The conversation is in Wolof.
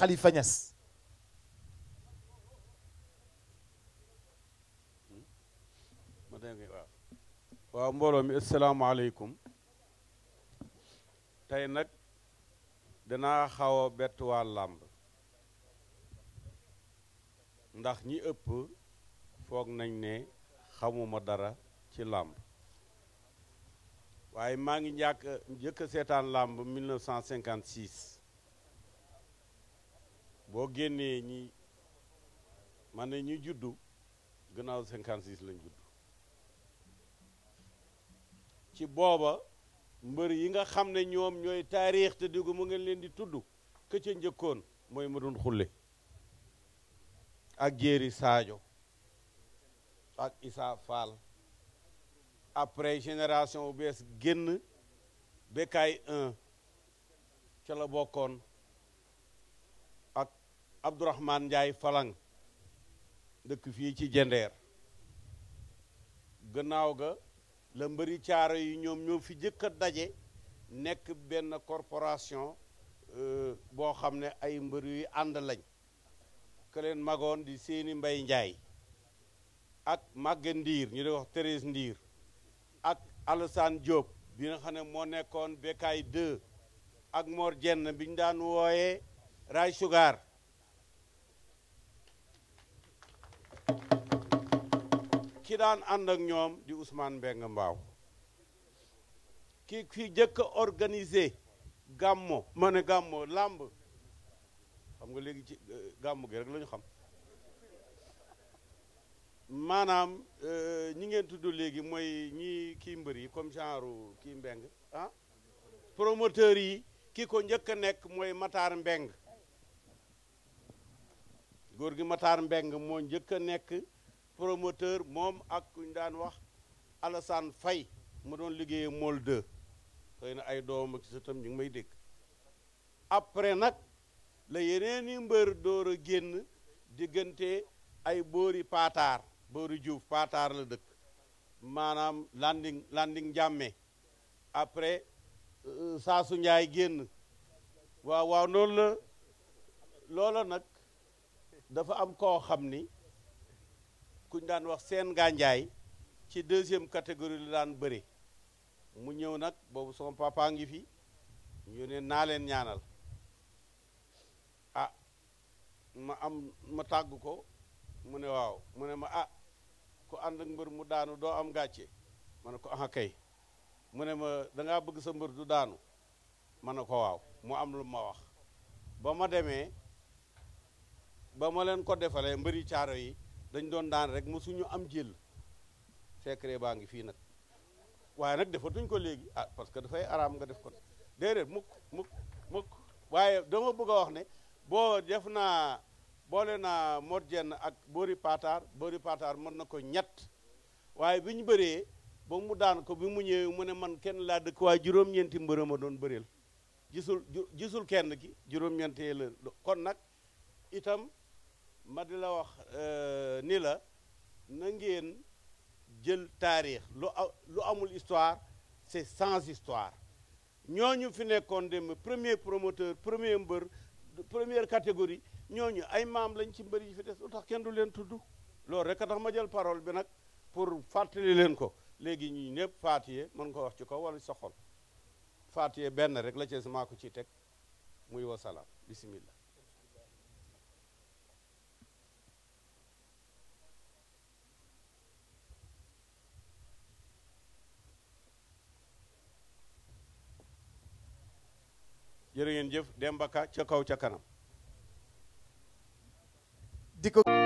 Khalifa Niass waaw mbooloo mi asalaamaaleykum tey nag danaa xaw a bett waa làmb ndax ñi ëpp foog nañ ne xamuma dara ci làmb waaye maa ngi njàkk njëkk seetaan làmb 1956 boo génnee ñi man ne ñu juddu gannaaw 56 lañ judd ci booba mbër yi nga xam ne ñoom ñooy taarix te diggu mu ngeen leen di tudd ka njëkkoon mooy ma doon xulle ak jéeri Sadio ak Issa Fall après génération bu bees génn bekkaay 1 ca la bokkoon Abdourahmane Ndiaye Falang dëkk fii ci Jendeer gannaaw ga la mbëri caaro yi ñoom ñoo fi jëkk a daje nekk benn corporation euh, boo xam ne ay mbër yu ànd lañ ke magoon di seeni mbay njaay ak màgge ndiir ñu di wax Thérèse ndiir ak Alassane Diop bi nga xam ne moo nekkoon Bekaay 2 ak Mor Jenn biñ daan wooye Ray Sugar ki daan ànd ak ñoom di Ousmane Mbeng Mbaaw ki fi jëkk a organiser gàmmo ma ne làmb xam nga léegi ci euh, gàmmu gi rek la xam maanaam euh, ñi ngeen tudd léegi mooy ñi kii mbër yi comme genre kii mbeng ah promoteur yi ki ko njëkk a nekk mooy Matar Mbeng góor gi Matar Mbeng moo njëkk a nekk promoteur moom ak ku ñu daan wax Alassane fay mu doon liggéey Môle 2 xëy na ay doom ak tam ñu ngi may dégg après nag la yeneen i mbër door a génn diggante ay boori paataar boori Diouf paataar la dëkk maanaam landing landing njàmme après euh, saasu njaay génn waaw waaw noonu la loola nag dafa am koo xam ni kuñ daan wax seen gànjaay ci deuxième catégorie la daan bëre mu ñëw nag boobu sama papa ngi fi ñu ne naa leen ñaanal a ah, ma am ma tàggu ko mu ne waaw mu ne ma ah ku ànd mbër mu daanu doo am gàcce ma ne ko ah kay mu ne ma dangaa bëgg sa mbër du daanu ma ne ko waaw mu am lu ma wax ba ma demee ba ma leen ko defalee mbëri caaro yi dañ doon daan rek mosuñu am jël secret baa ngi fii nag waaye nag defatuñ ko léegi ah parce que dafay araam nga def kon déedéet mukk mukk mukk waaye dama bëgg a wax ne boo def naa boole naa Mor Dieng ak Bori Patar Bori Patar mën na ko ñett waaye bi ñu bëree ba mu daan ko bi mu ñëwee mu ne man kenn laa dëkk waaye juróom-ñeenti mbërë doon bëreel gisul gisul kenn ki juróom-ñeenti la kon nag itam ma di la wax euh, ni la na ngeen jël taarix lu lu amul histoire c'est sans histoire ñooñu fi nekkoon dem premier promoteur premier mbër première catégorie ñooñu ay maam lañ ci mbër yi fi des kenn du leen tudd loolu rek a tax ma jël parole bi nag pour fàttali leen ko léegi ñu ñëpp faatiye mën ko wax ci kaw wala sa xol faatiye benn rek la ci sama ko ciy teg muy wasalaam bismillah jërë ngeen jëf Demba Ka ca kaw ca kanam di